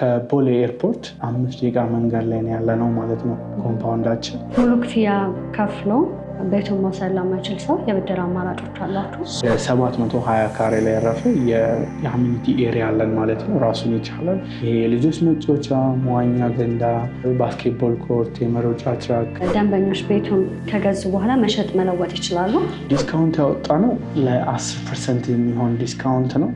ከቦሌ ኤርፖርት አምስት ደቂቃ መንገድ ላይ ያለ ነው ማለት ነው ኮምፓውንዳችን። ሙሉክትያ ካፍ ቤቱን መውሰድ ለማይችል ሰው የብድር አማራጮች አሏችሁ። ሰባት መቶ ሀያ ካሬ ላይ ያረፈ የአሚኒቲ ኤሪያ አለን ማለት ነው። ራሱን ይቻላል። ይሄ የልጆች መጫወቻ፣ መዋኛ ገንዳ፣ ባስኬትቦል ኮርት፣ የመሮጫ ትራክ። ደንበኞች ቤቱን ከገዙ በኋላ መሸጥ መለወጥ ይችላሉ። ዲስካውንት ያወጣ ነው ለአስር ፐርሰንት የሚሆን ዲስካውንት ነው።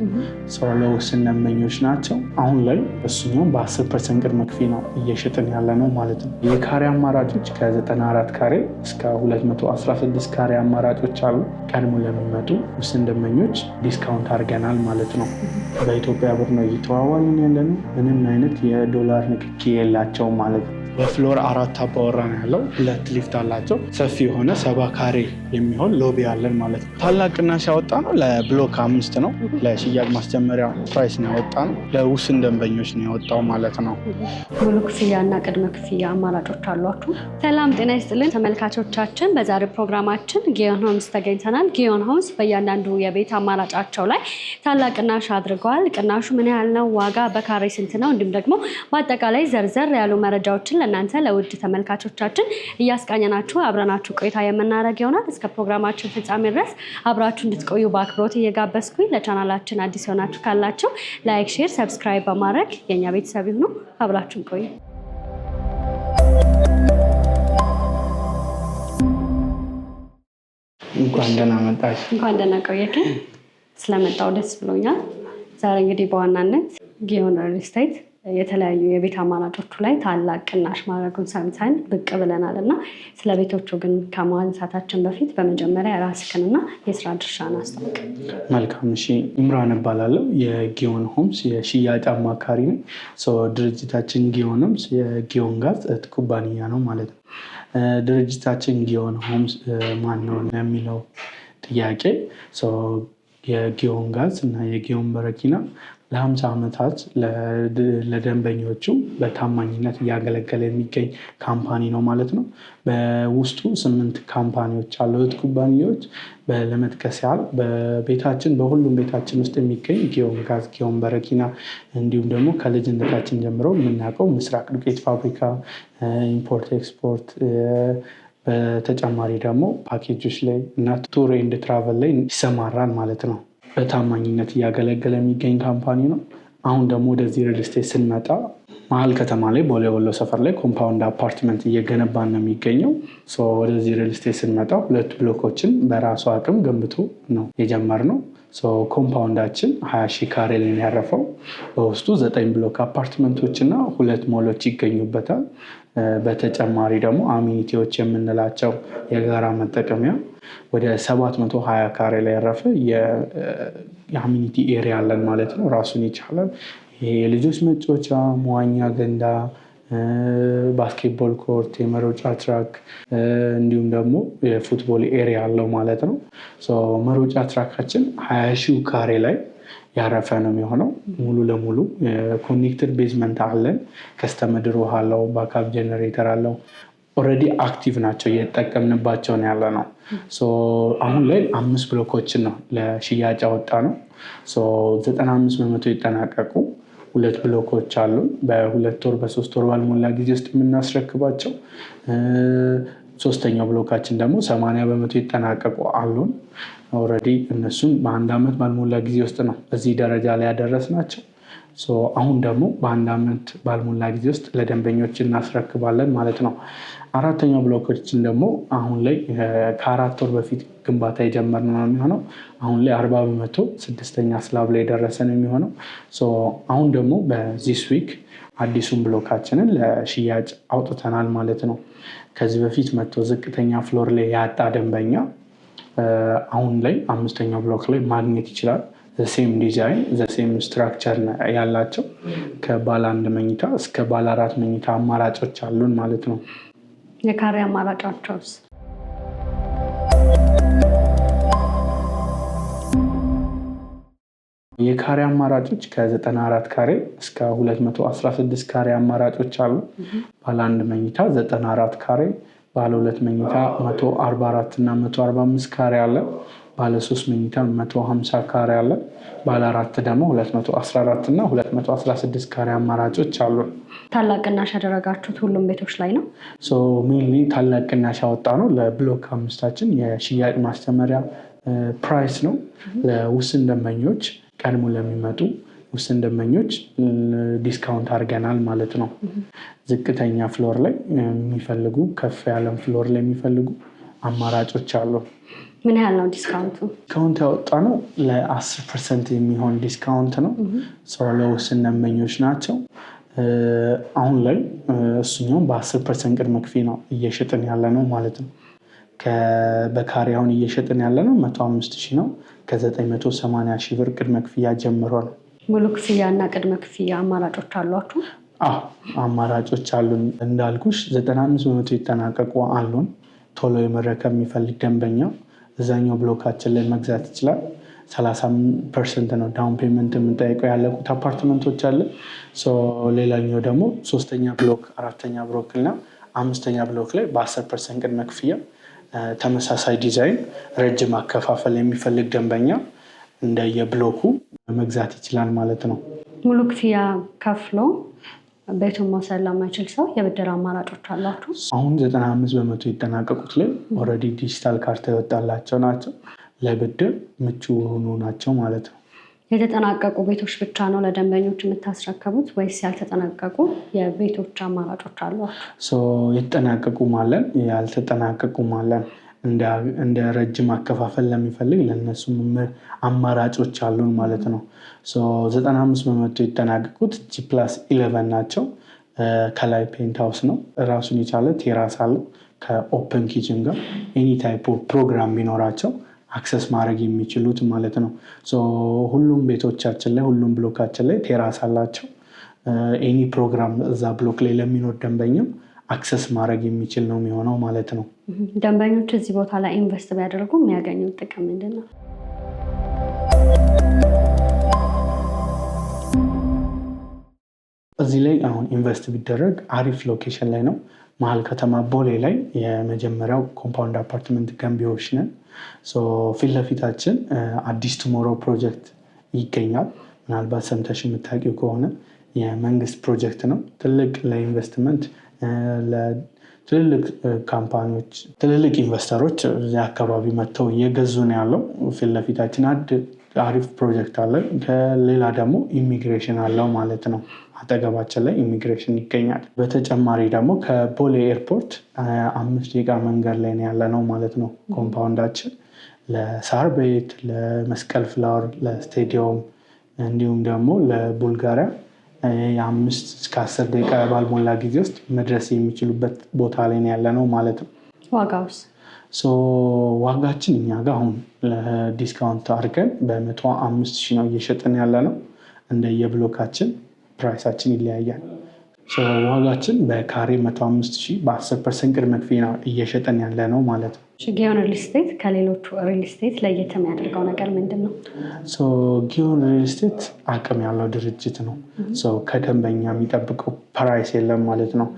ሰው ለውስን ደንበኞች ናቸው። አሁን ላይ እሱኛውም በአስር ፐርሰንት ቅድመ ክፍያ ነው እየሸጥን ያለ ነው ማለት ነው። የካሬ አማራጮች ከዘጠና አራት ካሬ እስከ ሁለት መቶ 16 ካሬ አማራጮች አሉ። ቀድሞ ለሚመጡ ውስን ደንበኞች ዲስካውንት አድርገናል ማለት ነው። በኢትዮጵያ ብር ነው እየተዋዋልን ያለን። ምንም አይነት የዶላር ንክኪ የላቸውም ማለት ነው። በፍሎር አራት አባወራ ነው ያለው። ሁለት ሊፍት አላቸው። ሰፊ የሆነ ሰባ ካሬ የሚሆን ሎቢ አለን ማለት ነው። ታላቅ ቅናሽ ያወጣ ነው ለብሎክ አምስት ነው። ለሽያጭ ማስጀመሪያ ፕራይስ ነው ያወጣ ነው። ለውስን ደንበኞች ነው ያወጣው ማለት ነው። ሙሉ ክፍያ እና ቅድመ ክፍያ አማራጮች አሏችሁ። ሰላም ጤና ይስጥልን ተመልካቾቻችን፣ በዛሬ ፕሮግራማችን ጊዮን ሆምስ ተገኝተናል። ጊዮን ሆምስ በእያንዳንዱ የቤት አማራጫቸው ላይ ታላቅ ቅናሽ አድርገዋል። ቅናሹ ምን ያህል ነው? ዋጋ በካሬ ስንት ነው? እንዲሁም ደግሞ በአጠቃላይ ዘርዘር ያሉ መረጃዎችን ለእናንተ ለውድ ተመልካቾቻችን እያስቃኘናችሁ አብረናችሁ ቆይታ የምናደርግ ይሆናል። እስከ ፕሮግራማችን ፍጻሜ ድረስ አብራችሁ እንድትቆዩ በአክብሮት እየጋበዝኩኝ ለቻናላችን አዲስ የሆናችሁ ካላችሁ ላይክ፣ ሼር፣ ሰብስክራይብ በማድረግ የእኛ ቤተሰብ ይሁኑ። አብራችሁን ቆዩ። እንኳን ደህና መጣሽ። እንኳን ደህና ቆየክን። ስለመጣው ደስ ብሎኛል። ዛሬ እንግዲህ በዋናነት ጊዮን ሪል ስቴት የተለያዩ የቤት አማራጮቹ ላይ ታላቅ ቅናሽ ማድረጉን ሰምተን ብቅ ብለናል እና ስለ ቤቶቹ ግን ከማንሳታችን በፊት በመጀመሪያ ራስክንና የስራ ድርሻን አስታውቅ። መልካም። እሺ፣ ኢምራን እባላለሁ የጊዮን ሆምስ የሽያጭ አማካሪ ነኝ። ድርጅታችን ጊዮን ሆምስ የጊዮን ጋዝ እህት ኩባንያ ነው ማለት ነው። ድርጅታችን ጊዮን ሆምስ ማን ነው የሚለው ጥያቄ የጊዮን ጋዝ እና የጊዮን በረኪና ለሀምሳ ዓመታት ለደንበኞቹ በታማኝነት እያገለገለ የሚገኝ ካምፓኒ ነው ማለት ነው። በውስጡ ስምንት ካምፓኒዎች አሉት ኩባንያዎች። ለመጥቀስ ያህል በቤታችን በሁሉም ቤታችን ውስጥ የሚገኝ ጊዮን ጋዝ፣ ጊዮን በረኪና እንዲሁም ደግሞ ከልጅነታችን ጀምሮ የምናውቀው ምስራቅ ዱቄት ፋብሪካ፣ ኢምፖርት ኤክስፖርት በተጨማሪ ደግሞ ፓኬጆች ላይ እና ቱር ኤንድ ትራቨል ላይ ይሰማራል ማለት ነው። በታማኝነት እያገለገለ የሚገኝ ካምፓኒ ነው። አሁን ደግሞ ወደዚህ ሪልስቴት ስንመጣ መሀል ከተማ ላይ ቦሌ ወሎ ሰፈር ላይ ኮምፓውንድ አፓርትመንት እየገነባ ነው የሚገኘው። ወደዚህ ሪልስቴት ስንመጣ ሁለት ብሎኮችን በራሱ አቅም ገንብቶ ነው ነው ኮምፓውንዳችን ሀያ ሺ ካሬ ላይ ያረፈው በውስጡ ዘጠኝ ብሎክ አፓርትመንቶች እና ሁለት ሞሎች ይገኙበታል። በተጨማሪ ደግሞ አሚኒቲዎች የምንላቸው የጋራ መጠቀሚያ ወደ 720 ካሬ ላይ ያረፈ የአሚኒቲ ኤሪያ አለን ማለት ነው። ራሱን ይቻላል። የልጆች መጫወቻ፣ መዋኛ ገንዳ፣ ባስኬትቦል ኮርት፣ የመሮጫ ትራክ እንዲሁም ደግሞ የፉትቦል ኤሪያ አለው ማለት ነው። መሮጫ ትራካችን ሀያ ሺህ ካሬ ላይ ያረፈ ነው የሚሆነው። ሙሉ ለሙሉ ኮኔክትድ ቤዝመንት አለን። ከስተምድር ውሃ አለው፣ ባካፕ ጀነሬተር አለው። ኦረዲ አክቲቭ ናቸው እየጠቀምንባቸውን ያለ ነው። አሁን ላይ አምስት ብሎኮችን ነው ለሽያጭ ያወጣ ነው። ዘጠና አምስት በመቶ ይጠናቀቁ ሁለት ብሎኮች አሉ። በሁለት ወር በሶስት ወር ባልሞላ ጊዜ ውስጥ የምናስረክባቸው ሶስተኛው ብሎካችን ደግሞ ሰማንያ በመቶ ይጠናቀቁ አሉን። ረ እነሱም በአንድ ዓመት ባልሞላ ጊዜ ውስጥ ነው እዚህ ደረጃ ላይ ያደረስ ናቸው አሁን ደግሞ በአንድ ዓመት ባልሞላ ጊዜ ውስጥ ለደንበኞች እናስረክባለን ማለት ነው። አራተኛው ብሎኮችን ደግሞ አሁን ላይ ከአራት ወር በፊት ግንባታ የጀመር ነው የሚሆነው። አሁን ላይ አርባ በመቶ ስድስተኛ ስላብ ላይ የደረሰ ነው የሚሆነው። አሁን ደግሞ በዚስ ዊክ አዲሱን ብሎካችንን ለሽያጭ አውጥተናል ማለት ነው። ከዚህ በፊት መቶ ዝቅተኛ ፍሎር ላይ ያጣ ደንበኛ አሁን ላይ አምስተኛው ብሎክ ላይ ማግኘት ይችላል። ዘሴም ዲዛይን ዘሴም ስትራክቸር ያላቸው ከባለ አንድ መኝታ እስከ ባለ አራት መኝታ አማራጮች አሉን ማለት ነው። የካሬ አማራጫቸውስ የካሬ አማራጮች ከ94 ካሬ እስከ 216 ካሬ አማራጮች አሉ። ባለ አንድ መኝታ 94 ካሬ፣ ባለ ሁለት መኝታ 144 እና 145 ካሬ አለ። ባለ ሶስት መኝታ 150 ካሬ አለ። ባለ አራት ደግሞ 214 እና 216 ካሬ አማራጮች አሉ። ታላቅ ቅናሽ ያደረጋችሁት ሁሉም ቤቶች ላይ ነው። ሜንሊ ታላቅ ቅናሽ ያወጣ ነው ለብሎክ አምስታችን የሽያጭ ማስተመሪያ ፕራይስ ነው ለውስን ደንበኞች ቀድሞ ለሚመጡ ውስን ደመኞች ዲስካውንት አድርገናል ማለት ነው። ዝቅተኛ ፍሎር ላይ የሚፈልጉ ከፍ ያለም ፍሎር ላይ የሚፈልጉ አማራጮች አሉ። ምን ያህል ነው ዲስካውንቱ? ዲስካውንት ያወጣ ነው ለአስር ፐርሰንት የሚሆን ዲስካውንት ነው። ሰው ለውስን ደመኞች ናቸው። አሁን ላይ እሱኛውም በአስር ፐርሰንት ቅድመ ክፊ ነው እየሸጥን ያለ ነው ማለት ነው። በካሪ አሁን እየሸጥን ያለ ነው መቶ አምስት ሺህ ነው ከ980 ሺህ ብር ቅድመ ክፍያ ጀምሯል። ሙሉ ክፍያ እና ቅድመ ክፍያ አማራጮች አሏችሁ? አዎ አማራጮች አሉን። እንዳልኩሽ 95 በመቶ ይጠናቀቁ አሉን። ቶሎ የመረከብ የሚፈልግ ደንበኛ እዛኛው ብሎካችን ላይ መግዛት ይችላል። 30 ፐርሰንት ነው ዳውን ፔመንት የምንጠይቀው። ያለቁት አፓርትመንቶች አለ። ሌላኛው ደግሞ ሶስተኛ ብሎክ፣ አራተኛ ብሎክ እና አምስተኛ ብሎክ ላይ በ10 ፐርሰንት ቅድመ ክፍያ ተመሳሳይ ዲዛይን ረጅም አከፋፈል የሚፈልግ ደንበኛ እንደየብሎኩ መግዛት ይችላል ማለት ነው። ሙሉ ክፍያ ከፍሎ ቤቱን መውሰድ ለማይችል ሰው የብድር አማራጮች አሏችሁ? አሁን ዘጠና አምስት በመቶ የተጠናቀቁት ላይ ኦልሬዲ ዲጂታል ካርታ የወጣላቸው ናቸው። ለብድር ምቹ የሆኑ ናቸው ማለት ነው። የተጠናቀቁ ቤቶች ብቻ ነው ለደንበኞች የምታስረከቡት ወይስ ያልተጠናቀቁ የቤቶች አማራጮች አሉ? የተጠናቀቁ ማለን ያልተጠናቀቁ ማለን እንደ ረጅም አከፋፈል ለሚፈልግ ለነሱ አማራጮች አሉን ማለት ነው። ዘጠና አምስት በመቶ የተጠናቀቁት ፕላስ ኢለቨን ናቸው። ከላይ ፔንት ሃውስ ነው። ራሱን የቻለ ቴራስ አለው ከኦፕን ኪችን ጋር ኤኒ ታይፕ ፕሮግራም ቢኖራቸው አክሰስ ማድረግ የሚችሉት ማለት ነው። ሁሉም ቤቶቻችን ላይ ሁሉም ብሎካችን ላይ ቴራስ አላቸው። ኤኒ ፕሮግራም እዛ ብሎክ ላይ ለሚኖር ደንበኛም አክሰስ ማድረግ የሚችል ነው የሚሆነው ማለት ነው። ደንበኞች እዚህ ቦታ ላይ ኢንቨስት ቢያደርጉ የሚያገኙት ጥቅም ምንድን ነው? እዚህ ላይ አሁን ኢንቨስት ቢደረግ አሪፍ ሎኬሽን ላይ ነው። መሀል ከተማ ቦሌ ላይ የመጀመሪያው ኮምፓውንድ አፓርትመንት ገንቢዎች ነን። ፊት ለፊታችን uh, አዲስ ቱሞሮ ፕሮጀክት ይገኛል። ምናልባት ሰምተሽ የምታውቂው ከሆነ የመንግስት ፕሮጀክት ነው። ትልቅ ለኢንቨስትመንት uh, ትልልቅ uh, ካምፓኒዎች፣ ትልልቅ ኢንቨስተሮች እዚህ አካባቢ መጥተው እየገዙ ነው ያለው። ፊት ለፊታችን አሪፍ ፕሮጀክት አለ። ከሌላ ደግሞ ኢሚግሬሽን አለው ማለት ነው። አጠገባችን ላይ ኢሚግሬሽን ይገኛል። በተጨማሪ ደግሞ ከቦሌ ኤርፖርት አምስት ደቂቃ መንገድ ላይ ያለ ነው ማለት ነው ኮምፓውንዳችን ለሳር ቤት፣ ለመስቀል ፍላወር፣ ለስቴዲየም እንዲሁም ደግሞ ለቡልጋሪያ የአምስት እስከ አስር ደቂቃ ባልሞላ ጊዜ ውስጥ መድረስ የሚችሉበት ቦታ ላይ ያለ ነው ማለት ነው። ዋጋውስ? ዋጋችን እኛ ጋር አሁን ዲስካውንት አድርገን በመቶ አምስት ሺህ ነው እየሸጥን ያለ ነው እንደየብሎካችን ፕራይሳችን ይለያያል። ዋጋችን በካሬ 5 ሺህ በ10 ፐርሰንት ቅድመ ክፍያ እየሸጠን ያለ ነው ማለት ነው። ጊዮን ከሌሎቹ ሪልስቴት ለየት የሚያደርገው ነገር ምንድን ነው? ጊዮን አቅም ያለው ድርጅት ነው። ከደንበኛ የሚጠብቀው ፕራይስ የለም ማለት ነው።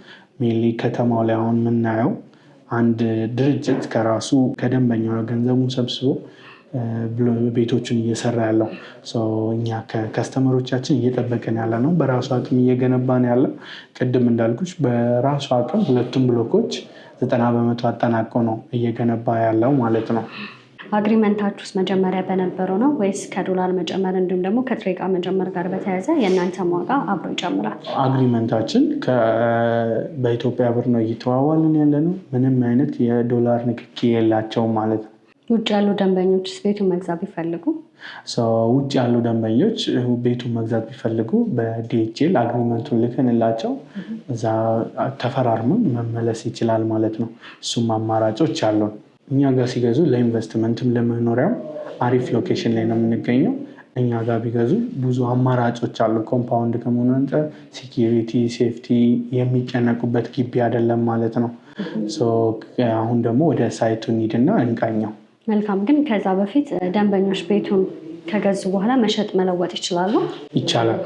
ሜንሊ ከተማው ላይ አሁን የምናየው አንድ ድርጅት ከራሱ ከደንበኛው ገንዘቡን ሰብስቦ ቤቶችን እየሰራ ያለው እኛ ከከስተመሮቻችን እየጠበቀን ያለ ነው። በራሱ አቅም እየገነባን ያለ ቅድም እንዳልኩች በራሱ አቅም ሁለቱም ብሎኮች ዘጠና በመቶ አጠናቆ ነው እየገነባ ያለው ማለት ነው። አግሪመንታችሁ ውስጥ መጀመሪያ በነበረው ነው ወይስ ከዶላር መጨመር እንዲሁም ደግሞ ከጥሬ ዕቃ መጨመር ጋር በተያያዘ የእናንተ ዋጋ አብሮ ይጨምራል? አግሪመንታችን በኢትዮጵያ ብር ነው እየተዋዋልን ያለ ነው። ምንም አይነት የዶላር ንክኪ የላቸውም ማለት ነው። ውጭ ያሉ ደንበኞች ቤቱን መግዛት ቢፈልጉ ውጭ ያሉ ደንበኞች ቤቱን መግዛት ቢፈልጉ በዲኤችኤል አግሪመንቱን ልክንላቸው እዛ ተፈራርመን መመለስ ይችላል ማለት ነው። እሱም አማራጮች አሉን። እኛ ጋር ሲገዙ ለኢንቨስትመንትም ለመኖሪያም አሪፍ ሎኬሽን ላይ ነው የምንገኘው። እኛ ጋር ቢገዙ ብዙ አማራጮች አሉ። ኮምፓውንድ ከመሆኑ ንጠ ሴኪሪቲ፣ ሴፍቲ የሚጨነቁበት ግቢ አይደለም ማለት ነው። አሁን ደግሞ ወደ ሳይቱ እንሂድና እንቃኘው። መልካም። ግን ከዛ በፊት ደንበኞች ቤቱን ከገዙ በኋላ መሸጥ መለወጥ ይችላሉ? ይቻላል።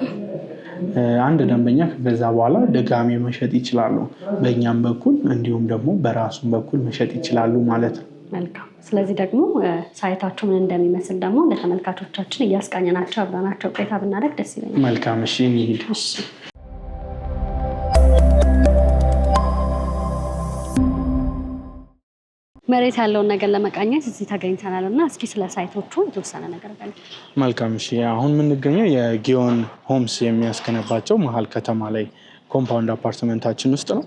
አንድ ደንበኛ ከገዛ በኋላ ደጋሚ መሸጥ ይችላሉ። በእኛም በኩል እንዲሁም ደግሞ በራሱም በኩል መሸጥ ይችላሉ ማለት ነው። መልካም። ስለዚህ ደግሞ ሳይታቸው ምን እንደሚመስል ደግሞ ለተመልካቾቻችን ናቸው አብረናቸው ቆይታ ብናደረግ ደስ ይለኛል። መልካም። እሺ መሬት ያለውን ነገር ለመቃኘት እዚህ ተገኝተናል እና እስኪ ስለ ሳይቶቹ የተወሰነ ነገር በል። መልካም እሺ። አሁን የምንገኘው የጊዮን ሆምስ የሚያስገነባቸው መሀል ከተማ ላይ ኮምፓውንድ አፓርትመንታችን ውስጥ ነው።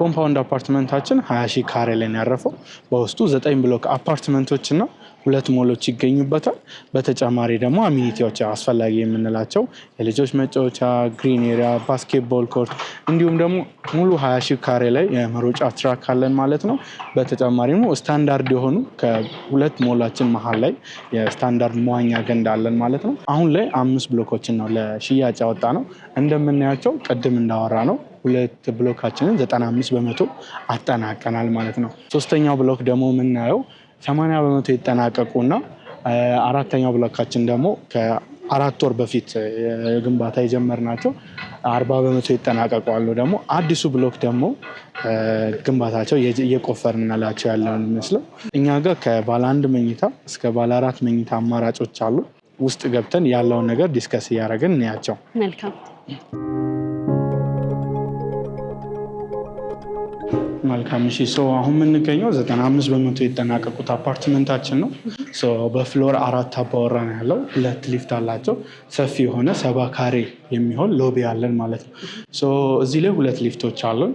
ኮምፓውንድ አፓርትመንታችን ሀያ ሺህ ካሬ ላይ ያረፈው በውስጡ ዘጠኝ ብሎክ አፓርትመንቶች እና ሁለት ሞሎች ይገኙበታል። በተጨማሪ ደግሞ አሚኒቲዎች አስፈላጊ የምንላቸው የልጆች መጫወቻ፣ ግሪን ኤሪያ፣ ባስኬትቦል ኮርት እንዲሁም ደግሞ ሙሉ ሀያ ሺህ ካሬ ላይ የመሮጫ ትራክ አለን ማለት ነው። በተጨማሪ ደግሞ ስታንዳርድ የሆኑ ከሁለት ሞላችን መሀል ላይ የስታንዳርድ መዋኛ ገንዳ አለን ማለት ነው። አሁን ላይ አምስት ብሎኮችን ነው ለሽያጭ ያወጣ ነው። እንደምናያቸው ቅድም እንዳወራ ነው ሁለት ብሎካችንን 95 በመቶ አጠናቀናል ማለት ነው። ሶስተኛው ብሎክ ደግሞ የምናየው ሰማንያ በመቶ እና አራተኛው ብሎካችን ደግሞ ከአራት ወር በፊት ግንባታ የጀመርናቸው አርባ በመቶ ይጠናቀቋሉ። አሉ። ደግሞ አዲሱ ብሎክ ደግሞ ግንባታቸው እየቆፈርንላቸው ያለው ይመስለው እኛ ጋር ከባለ አንድ መኝታ እስከ ባለ አራት መኝታ አማራጮች አሉ። ውስጥ ገብተን ያለውን ነገር ዲስከስ እያደረግን እንያቸው። መልካም መልካም እሺ። ሰው አሁን የምንገኘው ዘጠና አምስት በመቶ የተጠናቀቁት አፓርትመንታችን ነው። በፍሎር አራት አባወራ ነው ያለው። ሁለት ሊፍት አላቸው። ሰፊ የሆነ ሰባ ካሬ የሚሆን ሎቢ አለን ማለት ነው። እዚህ ላይ ሁለት ሊፍቶች አሉን።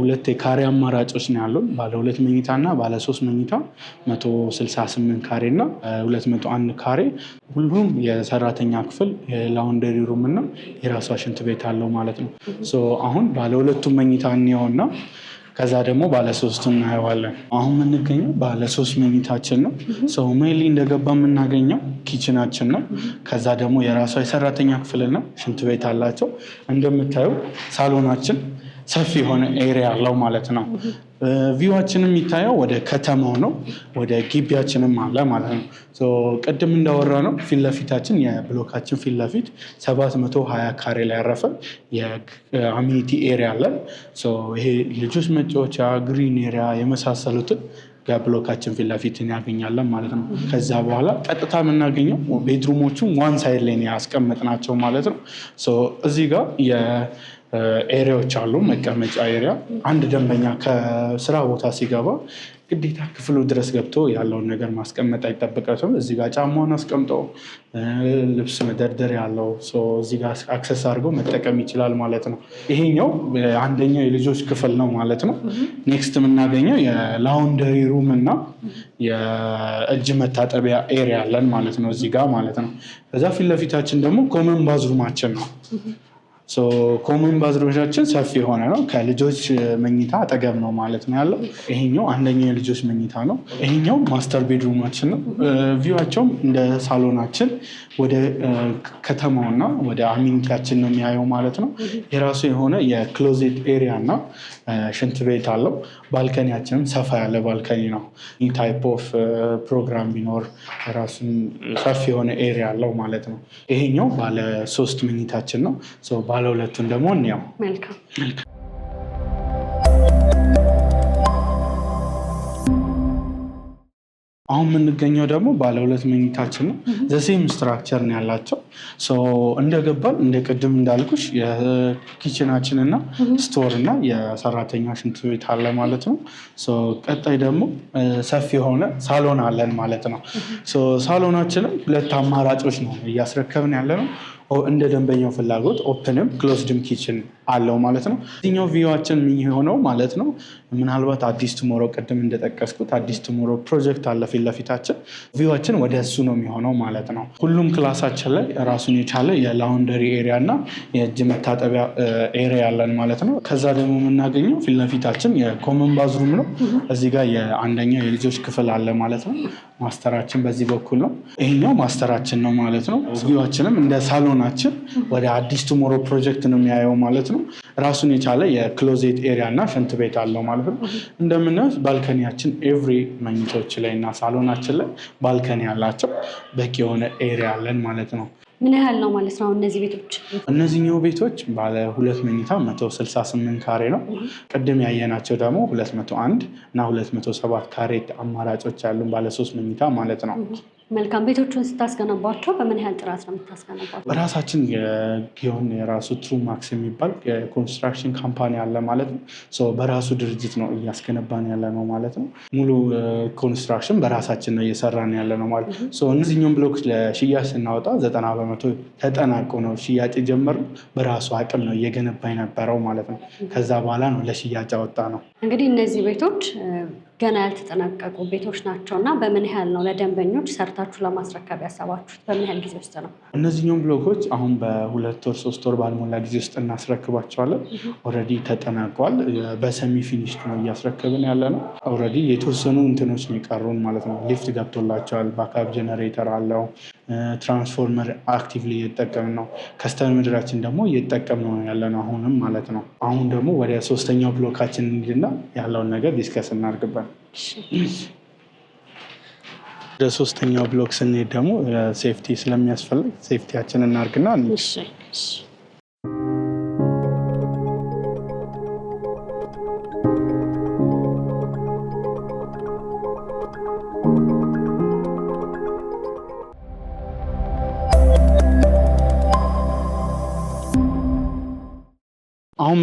ሁለት የካሬ አማራጮች ነው ያሉን። ባለ ሁለት መኝታ እና ባለ ሶስት መኝታ መቶ ስልሳ ስምንት ካሬ እና ሁለት መቶ አንድ ካሬ ሁሉም የሰራተኛ ክፍል የላውንደሪ ሩም እና የራሷ ሽንት ቤት አለው ማለት ነው። አሁን ባለ ሁለቱ መኝታ እንየውና ከዛ ደግሞ ባለሶስት እናየዋለን። አሁን የምንገኘው ባለሶስት መኝታችን ነው። ሰው ሜሊ እንደገባ የምናገኘው ኪችናችን ነው። ከዛ ደግሞ የራሷ የሰራተኛ ክፍልና ሽንት ቤት አላቸው። እንደምታዩ ሳሎናችን ሰፊ የሆነ ኤሪያ አለው ማለት ነው። ቪዋችን የሚታየው ወደ ከተማው ነው፣ ወደ ግቢያችንም አለ ማለት ነው። ቅድም እንዳወራ ነው ፊት ለፊታችን የብሎካችን ፊት ለፊት 720 ካሬ ላይ ያረፈ የአሚኒቲ ኤሪያ አለን። ይሄ ልጆች መጫወቻ፣ ግሪን ኤሪያ የመሳሰሉትን ብሎካችን ፊት ለፊት ያገኛለን ማለት ነው። ከዛ በኋላ ቀጥታ የምናገኘው ቤድሩሞቹን ዋን ሳይድ ላይ ያስቀመጥናቸው ማለት ነው እዚህ ጋር ኤሪያዎች አሉ። መቀመጫ ኤሪያ አንድ ደንበኛ ከስራ ቦታ ሲገባ ግዴታ ክፍሉ ድረስ ገብቶ ያለውን ነገር ማስቀመጥ አይጠበቀትም። እዚህ ጋር ጫማውን አስቀምጦ ልብስ መደርደር ያለው እዚ ጋር አክሰስ አድርገው መጠቀም ይችላል ማለት ነው። ይሄኛው አንደኛው የልጆች ክፍል ነው ማለት ነው። ኔክስት የምናገኘው የላውንደሪ ሩም እና የእጅ መታጠቢያ ኤሪያ አለን ማለት ነው፣ እዚህ ጋር ማለት ነው። ከዛ ፊት ለፊታችን ደግሞ ኮመን ባዝሩማችን ነው ኮሙን ባዝሮቻችን ሰፊ የሆነ ነው። ከልጆች መኝታ አጠገብ ነው ማለት ነው ያለው። ይሄኛው አንደኛው የልጆች መኝታ ነው። ይሄኛው ማስተር ቤድሩማችን ነው። ቪዋቸውም እንደ ሳሎናችን ወደ ከተማውና ወደ አሚኒቲያችን ነው የሚያየው ማለት ነው። የራሱ የሆነ የክሎዜት ኤሪያ እና ሽንት ቤት አለው። ባልከኒያችንም ሰፋ ያለ ባልከኒ ነው። ታይፕ ኦፍ ፕሮግራም ቢኖር ራሱን ሰፊ የሆነ ኤሪያ አለው ማለት ነው። ይሄኛው ባለ ሶስት መኝታችን ነው በኋላ ሁለቱን ደግሞ እንያው። መልካም አሁን የምንገኘው ደግሞ ባለ ሁለት መኝታችን ነው። ዘሴም ስትራክቸር ነው ያላቸው። እንደገባል እንደ ቅድም እንዳልኩሽ የኪችናችን እና ስቶር እና የሰራተኛ ሽንት ቤት አለ ማለት ነው። ቀጣይ ደግሞ ሰፊ የሆነ ሳሎን አለን ማለት ነው። ሳሎናችንም ሁለት አማራጮች ነው እያስረከብን ያለ ነው። እንደ ደንበኛው ፍላጎት ኦፕንም ክሎዝድም ኪችን አለው ማለት ነው። እዚኛው ቪዋችን የሚሆነው ማለት ነው ምናልባት አዲስ ቱሞሮ ቅድም እንደጠቀስኩት አዲስ ቱሞሮ ፕሮጀክት አለ ፊት ለፊታችን ቪዋችን ወደ እሱ ነው የሚሆነው ማለት ነው። ሁሉም ክላሳችን ላይ ራሱን የቻለ የላውንደሪ ኤሪያ እና የእጅ መታጠቢያ ኤሪያ ያለን ማለት ነው። ከዛ ደግሞ የምናገኘው ፊት ለፊታችን የኮመን ባዝሩም ነው። እዚህ ጋር የአንደኛው የልጆች ክፍል አለ ማለት ነው። ማስተራችን በዚህ በኩል ነው። ይሄኛው ማስተራችን ነው ማለት ነው። ቪዋችንም እንደ ሳሎን መሆናችን ወደ አዲስ ቱሞሮ ፕሮጀክት ነው የሚያየው ማለት ነው። ራሱን የቻለ የክሎዜት ኤሪያ እና ሽንት ቤት አለው ማለት ነው። እንደምናየው ባልከኒያችን ኤቭሪ መኝቶች ላይ እና ሳሎናችን ላይ ባልከኒ ያላቸው በቂ የሆነ ኤሪያ አለን ማለት ነው። ምን ያህል ነው ማለት ነው? እነዚህ ቤቶች እነዚህኛው ቤቶች ባለ ሁለት መኝታ መቶ ስልሳ ስምንት ካሬ ነው። ቅድም ያየናቸው ደግሞ ሁለት መቶ አንድ እና ሁለት መቶ ሰባት ካሬ አማራጮች ያሉን ባለ ሶስት መኝታ ማለት ነው። መልካም ቤቶቹን ስታስገነባቸው በምን ያህል ጥራት ነው የምታስገነባቸው? ራሳችን ጊዮን የራሱ ትሩ ማክስ የሚባል የኮንስትራክሽን ካምፓኒ አለ ማለት ነው። በራሱ ድርጅት ነው እያስገነባን ያለ ነው ማለት ነው። ሙሉ ኮንስትራክሽን በራሳችን ነው እየሰራን ያለ ነው ማለት ነው። እነዚህኛውን ብሎክ ለሽያጭ ስናወጣ ዘጠና በመቶ ተጠናቆ ነው ሽያጭ የጀመርነው። በራሱ አቅም ነው እየገነባ የነበረው ማለት ነው። ከዛ በኋላ ነው ለሽያጭ አወጣ ነው። እንግዲህ እነዚህ ቤቶች ገና ያልተጠናቀቁ ቤቶች ናቸው እና በምን ያህል ነው ለደንበኞች ሰርታችሁ ለማስረከብ ያሰባችሁት? በምን ያህል ጊዜ ውስጥ ነው? እነዚህኛውም ብሎኮች አሁን በሁለት ወር ሶስት ወር ባልሞላ ጊዜ ውስጥ እናስረክባቸዋለን። ኦልሬዲ ተጠናቋል። በሰሚ ፊኒሽ ነው እያስረከብን ያለ ነው። ኦልሬዲ የተወሰኑ እንትኖች የሚቀሩን ማለት ነው። ሊፍት ገብቶላቸዋል። ባካፕ ጀነሬተር አለው። ትራንስፎርመር አክቲቭሊ እየተጠቀምን ነው። ከስተር ምድራችን ደግሞ እየተጠቀም ነው ያለ ነው አሁንም ማለት ነው። አሁን ደግሞ ወደ ሶስተኛው ብሎካችን እንሂድና ያለውን ነገር ዲስከስ እናድርግበት። ወደ ሶስተኛው ብሎክ ስንሄድ ደግሞ ሴፍቲ ስለሚያስፈልግ ሴፍቲያችን እናድርግና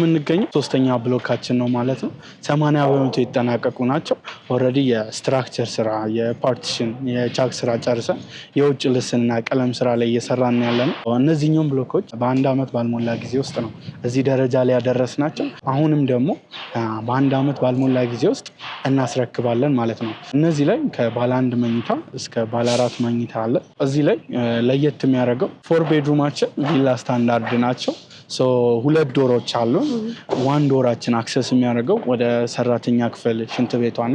የምንገኘው ሶስተኛ ብሎካችን ነው ማለት ነው። ሰማንያ በመቶ የተጠናቀቁ ናቸው። ኦልሬዲ የስትራክቸር ስራ የፓርቲሽን የቻክ ስራ ጨርሰን የውጭ ልስና ቀለም ስራ ላይ እየሰራን ያለ ነው። እነዚህኛውም ብሎኮች በአንድ አመት ባልሞላ ጊዜ ውስጥ ነው እዚህ ደረጃ ላይ ያደረስ ናቸው። አሁንም ደግሞ በአንድ አመት ባልሞላ ጊዜ ውስጥ እናስረክባለን ማለት ነው። እነዚህ ላይ ከባለ አንድ መኝታ እስከ ባለ አራት መኝታ አለ። እዚህ ላይ ለየት የሚያደርገው ፎር ቤድሩማችን ቪላ ስታንዳርድ ናቸው። ሁለት ዶሮች አሉ። ዋን ዶራችን አክሰስ የሚያደርገው ወደ ሰራተኛ ክፍል ሽንት ቤቷና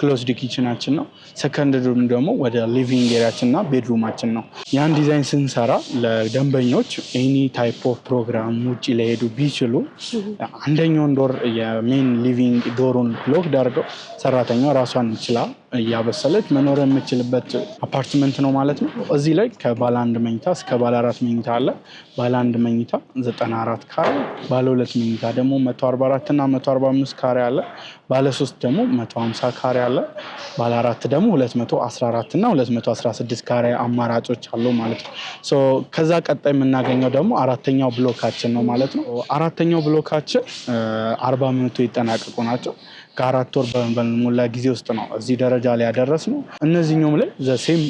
ክሎዝድ ኪችናችን ነው። ሰከንድ ሩም ደግሞ ወደ ሊቪንግ ኤሪያችን እና ቤድሩማችን ነው። ያን ዲዛይን ስንሰራ ለደንበኞች ኤኒ ታይፕ ኦፍ ፕሮግራም ውጭ ለሄዱ ቢችሉ አንደኛውን ዶር የሜን ሊቪንግ ዶሩን ሎክ ዳርገው ሰራተኛ ራሷን ይችላ እያበሰለች መኖር የምችልበት አፓርትመንት ነው ማለት ነው። እዚህ ላይ ከባለ አንድ መኝታ እስከ ባለ አራት መኝታ አለ። ባለ አንድ መኝታ 94 ካሬ፣ ባለ ሁለት መኝታ ደግሞ 144 እና 145 ካሬ አለ። ባለ ሶስት ደግሞ 150 ካሬ አለ። ባለ አራት ደግሞ 214 እና 216 ካሬ አማራጮች አሉ ማለት ነው። ከዛ ቀጣይ የምናገኘው ደግሞ አራተኛው ብሎካችን ነው ማለት ነው። አራተኛው ብሎካችን አርባ በመቶ ይጠናቀቁ ናቸው። ከአራት ወር በሞላ ጊዜ ውስጥ ነው እዚህ ደረጃ ላይ ያደረስ ነው። እነዚህኛውም ላይ ዘሴም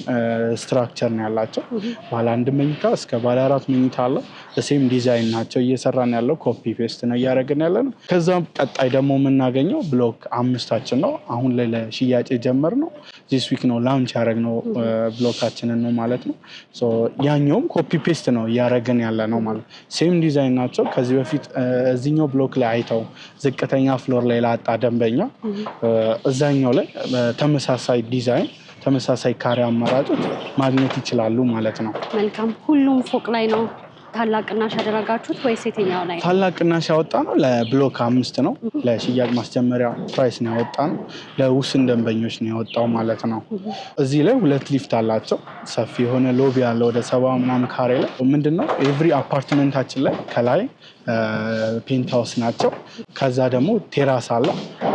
ስትራክቸር ነው ያላቸው ባለ አንድ መኝታ እስከ ባለ አራት መኝታ አለው። ሴም ዲዛይን ናቸው እየሰራን ያለው ኮፒ ፔስት ነው እያደረግን ያለ ነው። ከዛም ቀጣይ ደግሞ የምናገኘው ብሎክ አምስታችን ነው። አሁን ላይ ለሽያጭ የጀመር ነው ዚስ ዊክ ነው ላውንች ያደረግነው ብሎካችንን ነው ማለት ነው። ያኛውም ኮፒ ፔስት ነው እያደረግን ያለ ነው ማለት ሴም ዲዛይን ናቸው። ከዚህ በፊት እዚኛው ብሎክ ላይ አይተው ዝቅተኛ ፍሎር ላይ ላጣ ደንበኛ እዛኛው ላይ ተመሳሳይ ዲዛይን ተመሳሳይ ካሬ አማራጮች ማግኘት ይችላሉ ማለት ነው። መልካም። ሁሉም ፎቅ ላይ ነው ታላቅ ቅናሽ ያደረጋችሁት ወይስ የትኛው ላይ? ታላቅ ቅናሽ ያወጣ ነው ለብሎክ አምስት ነው። ለሽያጭ ማስጀመሪያ ፕራይስ ነው ያወጣ ነው። ለውስን ደንበኞች ነው ያወጣው ማለት ነው። እዚህ ላይ ሁለት ሊፍት አላቸው። ሰፊ የሆነ ሎቢ ያለ ወደ ሰባ ምናምን ካሬ ላይ ምንድነው ኤቭሪ አፓርትመንታችን ላይ ከላይ ፔንትሃውስ ናቸው። ከዛ ደግሞ ቴራስ አለ፣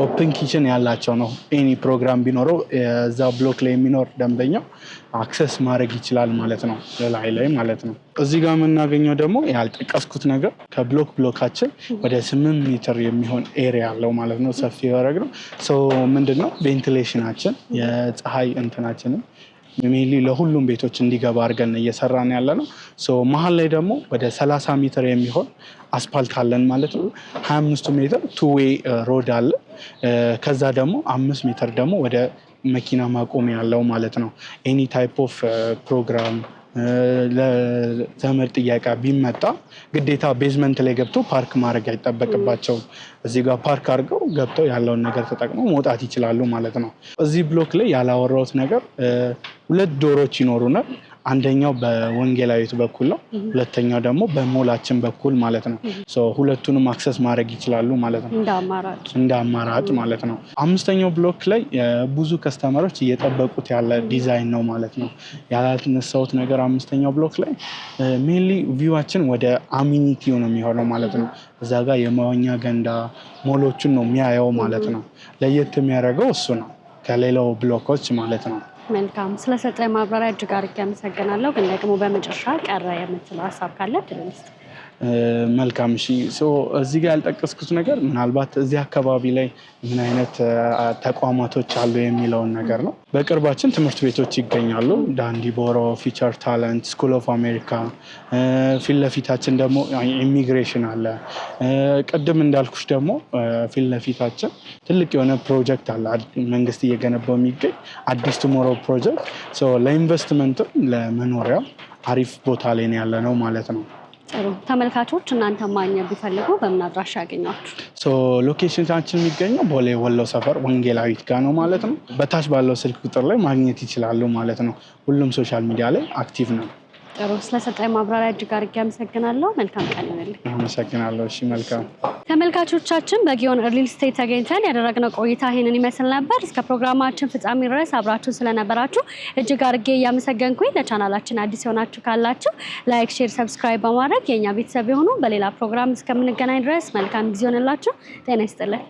ኦፕን ኪችን ያላቸው ነው። ኤኒ ፕሮግራም ቢኖረው እዛ ብሎክ ላይ የሚኖር ደንበኛው አክሰስ ማድረግ ይችላል ማለት ነው፣ ላይ ላይ ማለት ነው። እዚህ ጋር የምናገኘው ደግሞ ያልጠቀስኩት ነገር ከብሎክ ብሎካችን ወደ ስምንት ሜትር የሚሆን ኤሪያ አለው ማለት ነው። ሰፊ ያደረግ ነው። ምንድን ነው ቬንቲሌሽናችን የፀሐይ እንትናችንን ሜንሊ ለሁሉም ቤቶች እንዲገባ አድርገን እየሰራን ያለ ነው። መሀል ላይ ደግሞ ወደ 30 ሜትር የሚሆን አስፓልት አለን ማለት ነው። 25 ሜትር ቱዌይ ሮድ uh, አለ። uh, ከዛ ደግሞ አምስት ሜትር ደግሞ ወደ መኪና ማቆሚያ ያለው ማለት ነው። ኤኒ ታይፕ ኦፍ ፕሮግራም ለተምህር ጥያቄ ቢመጣ ግዴታ ቤዝመንት ላይ ገብቶ ፓርክ ማድረግ አይጠበቅባቸውም። እዚህ ጋር ፓርክ አድርገው ገብተው ያለውን ነገር ተጠቅመው መውጣት ይችላሉ ማለት ነው። እዚህ ብሎክ ላይ ያላወራውት ነገር ሁለት ዶሮዎች ይኖሩናል። አንደኛው በወንጌላዊት በኩል ነው። ሁለተኛው ደግሞ በሞላችን በኩል ማለት ነው። ሁለቱንም አክሰስ ማድረግ ይችላሉ ማለት ነው፣ እንደ አማራጭ ማለት ነው። አምስተኛው ብሎክ ላይ ብዙ ከስተመሮች እየጠበቁት ያለ ዲዛይን ነው ማለት ነው። ያላነሳሁት ነገር አምስተኛው ብሎክ ላይ ሜንሊ ቪዋችን ወደ አሚኒቲው ነው የሚሆነው ማለት ነው። እዛ ጋር የመዋኛ ገንዳ ሞሎቹን ነው የሚያየው ማለት ነው። ለየት የሚያደርገው እሱ ነው ከሌላው ብሎኮች ማለት ነው። መልካም ስለሰጠ ማብራሪያ እጅግ አድርጌ አመሰግናለሁ። ግን ደግሞ በመጨረሻ ቀረ የምትለው ሀሳብ ካለ ድል መልካም እሺ፣ እዚህ ጋር ያልጠቀስኩት ነገር ምናልባት እዚህ አካባቢ ላይ ምን አይነት ተቋማቶች አሉ የሚለውን ነገር ነው። በቅርባችን ትምህርት ቤቶች ይገኛሉ። ዳንዲ ቦሮ፣ ፊቸር ታለንት፣ ስኩል ኦፍ አሜሪካ፣ ፊት ለፊታችን ደግሞ ኢሚግሬሽን አለ። ቅድም እንዳልኩሽ ደግሞ ፊት ለፊታችን ትልቅ የሆነ ፕሮጀክት አለ መንግስት እየገነባው የሚገኝ አዲስ ቱሞሮ ፕሮጀክት ለኢንቨስትመንትም ለመኖሪያ አሪፍ ቦታ ላይ ያለ ነው ማለት ነው። ጥሩ ተመልካቾች እናንተ ማግኘት ቢፈልጉ በምን አድራሻ ያገኟችሁ? ሎኬሽናችን የሚገኘው ቦሌ ወሎ ሰፈር ወንጌላዊት ጋ ነው ማለት ነው። በታች ባለው ስልክ ቁጥር ላይ ማግኘት ይችላሉ ማለት ነው። ሁሉም ሶሻል ሚዲያ ላይ አክቲቭ ነው። ጥሩ። ስለሰጠኝ ማብራሪያ እጅግ አድርጌ አመሰግናለሁ። መልካም ቀን ይሁንልኝ። አመሰግናለሁ። እሺ፣ መልካም ተመልካቾቻችን በጊዮን ሪል ስቴት ተገኝተን ያደረግነው ቆይታ ይህንን ይመስል ነበር። እስከ ፕሮግራማችን ፍጻሜ ድረስ አብራችሁን ስለነበራችሁ እጅግ አድርጌ እያመሰገንኩኝ ለቻናላችን አዲስ የሆናችሁ ካላችሁ ላይክ፣ ሼር፣ ሰብስክራይብ በማድረግ የእኛ ቤተሰብ የሆኑ በሌላ ፕሮግራም እስከምንገናኝ ድረስ መልካም ጊዜ ሆንላችሁ። ጤና ይስጥልን።